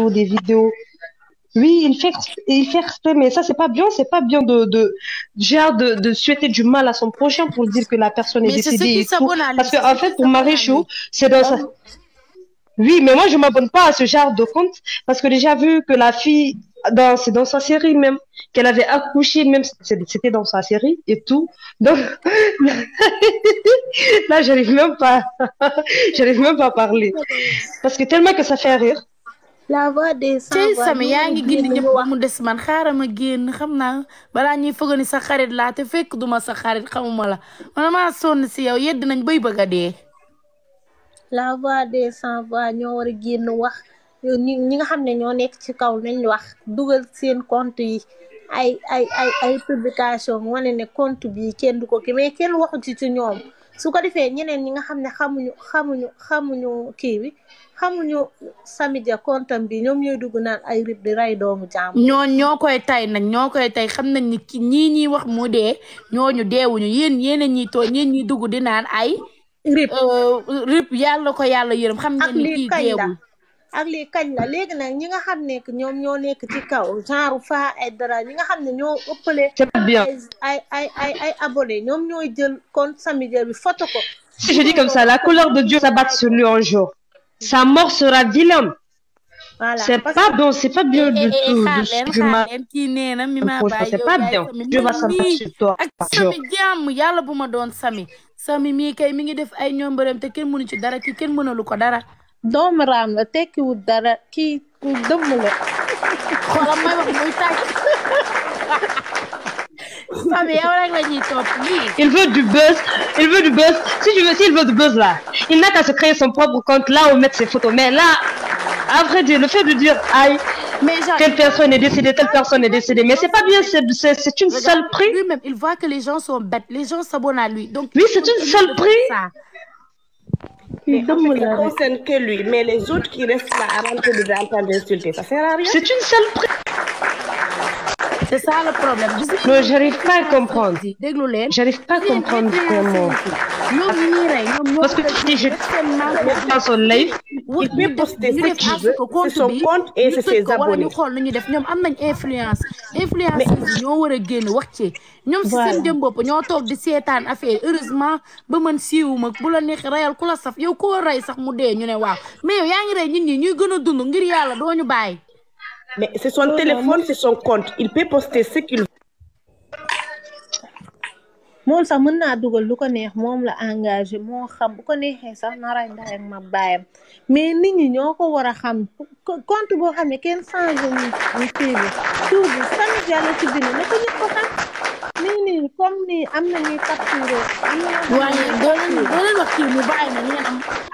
photos, des vidéos. Oui, il fait, il c'est pas bien, c'est pas bien de, genre de, souhaiter du mal à son prochain pour dire que la personne est décédée. et tout. Parce qu'en en fait, pour Maréchaux, c'est dans sa... que déjà série même, qu'elle avait accouché, même c'était dans sa série et tout. Donc, là, j'arrive même pas, parler. Parce que tellement que ça fait rire. la voix de sans voix yaa ngi gindi ñëpp mu des man xaaral ma génn xam naa balaa ñuy foog ni sa xarit laa te fekk duma sa xarit xamuma la man maa sonn si yow yedd nañ bay bëgg a dee. la voix des sans voix ñoo war a génn wax ñi nga xam ne ñoo nekk ci kaw nañ wax dugal seen compte yi ay ay ay ay publication wane ne compte bi kenn du ko ki mais kenn waxu ci ci ñoom. su ko defee ñeneen ñi nga xam ne xamuñu xamuñu xamuñu kii bi xamuñu samidia kontam bi ñoom ñooy dugg naan ay rib di rey doomu jaam ñoo ñoo koy tay nag ñoo koy tay xam nañ ni ki ñii ñuy wax mu dee ñooñu deewuñu yéen yéeneen ñi too ñeen ñi dugg di naan ay rib euh, rib yàlla ko yàlla yërëm xam ngeen ni kii deewul ak lii kañ la léegi nag ñi nga xam ne ñoom ñoo nekk ci kaw genre fa ay dara ñi nga xam ne ñoo ëppale ay ay ay ay abonné ñoom ñooy jël kon Samediel bi photo ko si je dis comme ça la couleur de Dieu s'abat sur lui un jour sa mort sera vilaine voilà c'est pas bon c'est pas bien du tout c'est pas bien Dieu va s'abattre sur Sami jàmm yàlla bu ma doon Sami Sami mii kay mi ngi def ay ñoom te kenn mënu ci dara ki kenn mënalu ko dara dom raam la tekkiwul dara kii ku dëmm la xoolal may wax muy tàcc. Samy yow rek la ñuy topp nii. il veut du buzz il veut du buzz si tu veut du buzz il n'a qu'à se créer son propre compte là où mettre ses photos mais là à vrai dire le fait de dire aïe. mais genre telle personne est décédée mais c'est pas bien c'est c'est une saloperie. lui-même il voit que les gens sont bêtes les gens s'abonnent à lui oui c'est une saloperie. Qui, comme vous ne concerne que lui, mais les autres qui restent là à rentrer dedans en train d'insulter, ça sert à rien. C'est une sale c'est ça le problème. non j'arrive pas à comprendre. déglu leen j'arrive pas à comprendre comment. parce que je suis je il peut poster ce qu'il veut c'est son compte et c'est ses abonnés. ñu xool ñu def ñoom am nañ influence. influence yi ñoo génn wax ci. ñoom si seen ñoo toog di seetaan affaire heureusement ba mën siiwu ma bu la neex reyal ku la saf yow koo rey sax mu dee ñu ne waaw mais yaa ngi rey nit ñi ñuy gën a dund ngir yàlla doo ñu bàyyi. son téléphone c'est son compte il peut poster ce qu'il moom sax mën naa dugal lu ko neex moom la engagé moo xam bu ko neexee sax nara ndax ma bàyyam mais nit ñi ñoo ko war a xam compte boo xam ne kenn changé ñu kii bi tur bi yàlla ci bind na ko ko xam nii nii comme nii am na ñuy capturé waaye doo leen doo leen wax kii mu am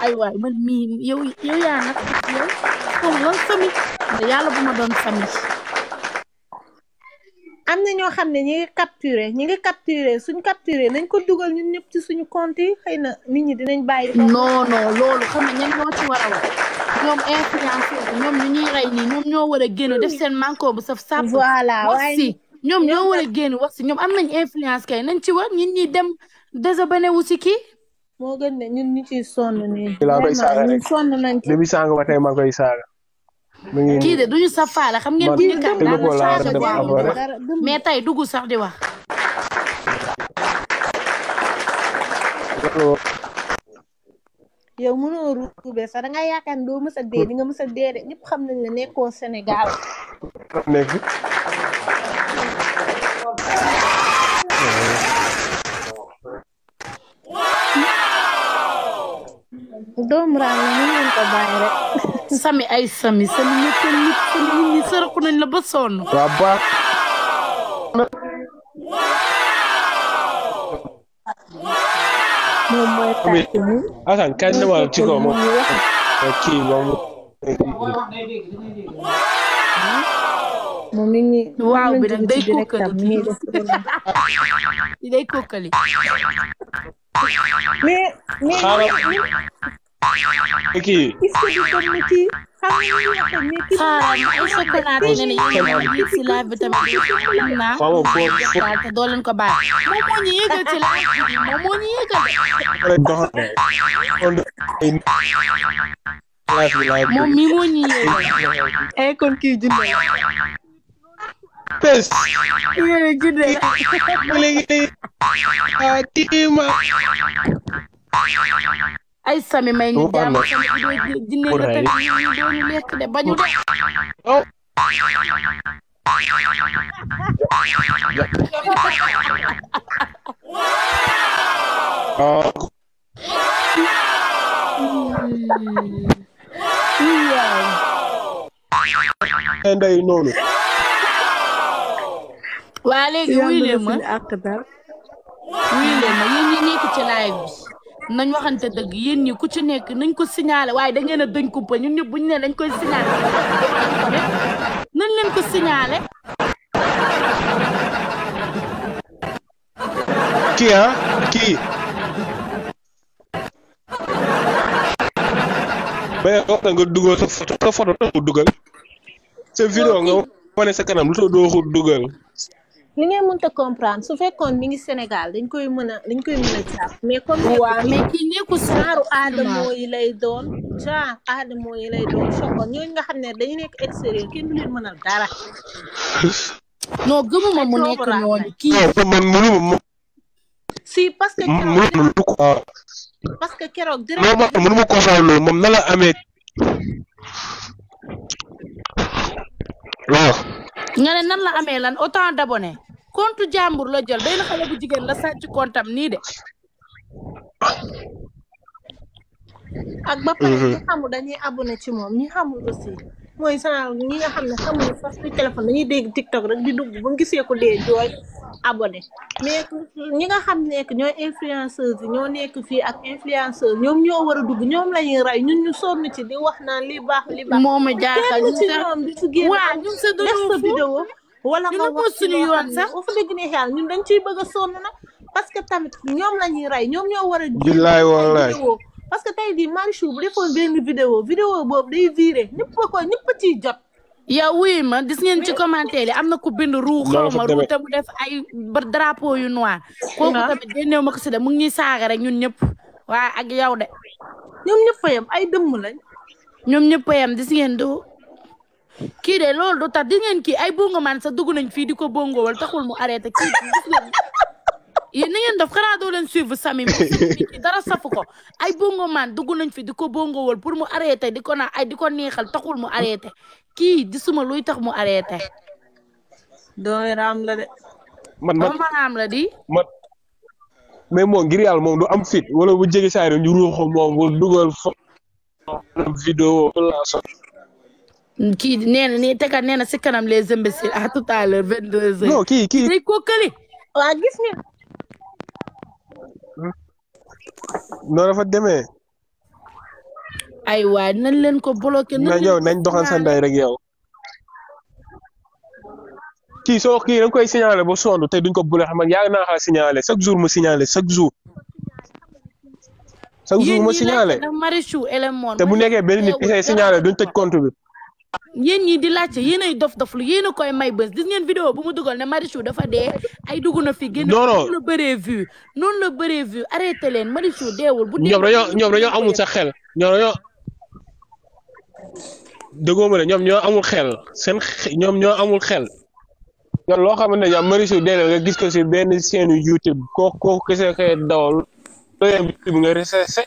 ay waay man mii yow yow yaa nag yow am na ñoo xam ne ñi ngi capturer ñi ngi capturer suñ capturer nañ ko dugal ñun ñëpp ci suñu compte xëy na nit ñi dinañ bàyyi. non non loolu xam nga ñan ñoo ci war a wax ñoom influenceur ñoom ñu ñuy rey nii ñoom ñoo war génn def seen manko bu saf sàpp. voilà wax si ñoom ñoo war a génn wax ñoom am nañ influence kay nañ ci war ñun ñi dem désabonné wu si kii. moo gën ne ñun ñu ciy sonn nii. vraiment ñun sonn nañ ci li muy saaga ba tey ma koy saaga. kii de duñu sa faala xam ngeen bu ñu kan daan changé mais tey dugg sax di wax. yow mënoo ruube sax da nga yaakaar ne doo mës dee di nga dee de ñëpp xam nañ la nekkoo Sénégal. doomu raam la mën ngeen ko bàyyi rek. sami ay sami sami ñëpp nit ñi saraxu nañ la ba sonn. waaw baax. moom mooy tàcc mi. Assane kañ la ci kaw moom kii moom. moom mi day kookali mi kii. xaaral ay chocolat si live bi tamit xam naa. waaw te doo leen ko baax. moom moo ñu yëgal ci live bi moom moo ñu yëgal. moom mi moo ñu yëgal. ay kon kii junne la. pes. yéen junne la. léegi-léegi. ay sami may ñu jàmm dina nga tamit doonu lekk de bañu de ndey noonu waa léegi wuy leen ma wuy leen ma yéen ñi nekk ci live bi nañ waxante dëgg yéen ñi ku ci nekk nañ ko signalé waaye da ngeen a dañ kumpa ñun ñëpp buñ ne dañ koy signalé nañ leen ko signalé. kii ah kii. mais wax na nga dugal sa photo sa photo nga dugal. sa vidéo nga wane sa kanam lu tax doo ko li ngay mënta comprendre su fekkoon mi ngi Sénégal dañ koy mën a dañ koy mën a jàpp mais comme waaw lay doon genre aadamoo lay doon soko ñooñu nga xam ne dañu nekk extérieur kenn du leen mënal dara non gëmuma mu nekk noonu si parce que keroog parce que keroog direct non man loolu moom na la amee waaw nga nan la amee lan autant d'abonnés compte jàmbur la jël benn xale bu jigéen la sàcc compte am nii de. ak ba pare mhm. ñu dañuy abonné ci moom ñi xamul aussi mooy sanal ñi nga xam ne xamul sax ci téléphone dañuy dégg TikTok rek di dugg ba gisee ko dee jooy abonné mais ñi nga xam nekk ñoo influenceuse yi ñoo nekk fii ak influenceuse ñoom ñoo war a dugg ñoom la ñuy rey ñun ñu ci di wax naan li baax li baax. moom a jaaxal ñu sax waaw ñun sa vidéo wala nga wax suñu yoon sax wax dëgg ne xel ñun dañ ciy bëgg a sonn nag parce que tamit ñoom la ñuy rey ñoom ñoo war a billaay wallaay parce que tey jii Marichou bu defoon benn vidéo vidéo boobu day viré ñëpp ko ñëpp ciy jot yow wuy ma gis ngeen ci commentaire yi am na ku bind ruu xaw ma ruu te mu def ay drapeau yu noir kooku ah. tamit génneew ma ko si de mu ngi ñuy saaga rek ñun ñëpp waaye ak yow de ñoom ñëpp fa yam ay dëmm lañ ñoom ñëpp fa yam gis ngeen do kii de loolu du tax di ngeen kii ay bongo man sa dugg nañ fii di ko bongoowal taxul mu arrêté kii yéen na ngeen def xanaa ko ay bongo dugg nañ fi di ko bongoowal pour mu arrêté di ko naa neexal taxul mu arrêté kii di suma luy tax mu arrêté. doomi raam la de. man man raam moom ngir yàlla moom du am fit wala bu jege saa ñu ruuxu moom bu dugal fo. vidéo la kii nee na nii tegaat nee na si kanam les imbéciles à tout à l'heure vingt deux heures. non kii kii day kookali. waa gis nga. ay waay nañ leen ko bloqué. nañ yow nañ doxal sa ndey rek yow. kii soo kii dañ koy signalé ba sonn te duñ ko bloqué man yàgg naa xaa signalé chaque jour mu signalé chaque jour. chaque jour mu signalé te bu nekkee benn nit ki signalé duñ tëj compte bi. yéen ñii di laajte yéen ay dof-doflu yéen a koy may bés gis ngeen vidéo bu mu dugal ne Marichou dafa dee ay dugg na fi. non noonu la bëree vu noonu la bëree vu arrêté leen Marichou deewul. bu dee ñoom dañoo dañoo amul sa xel ñoom dañoo déggoo ma ne ñoom ñoo amul xel seen ñoom ñoo amul xel. ñoom loo xamante ne ñoom Marichou gis ko si benn seen YouTube kooku kooku kese kay dawal bi nga recensé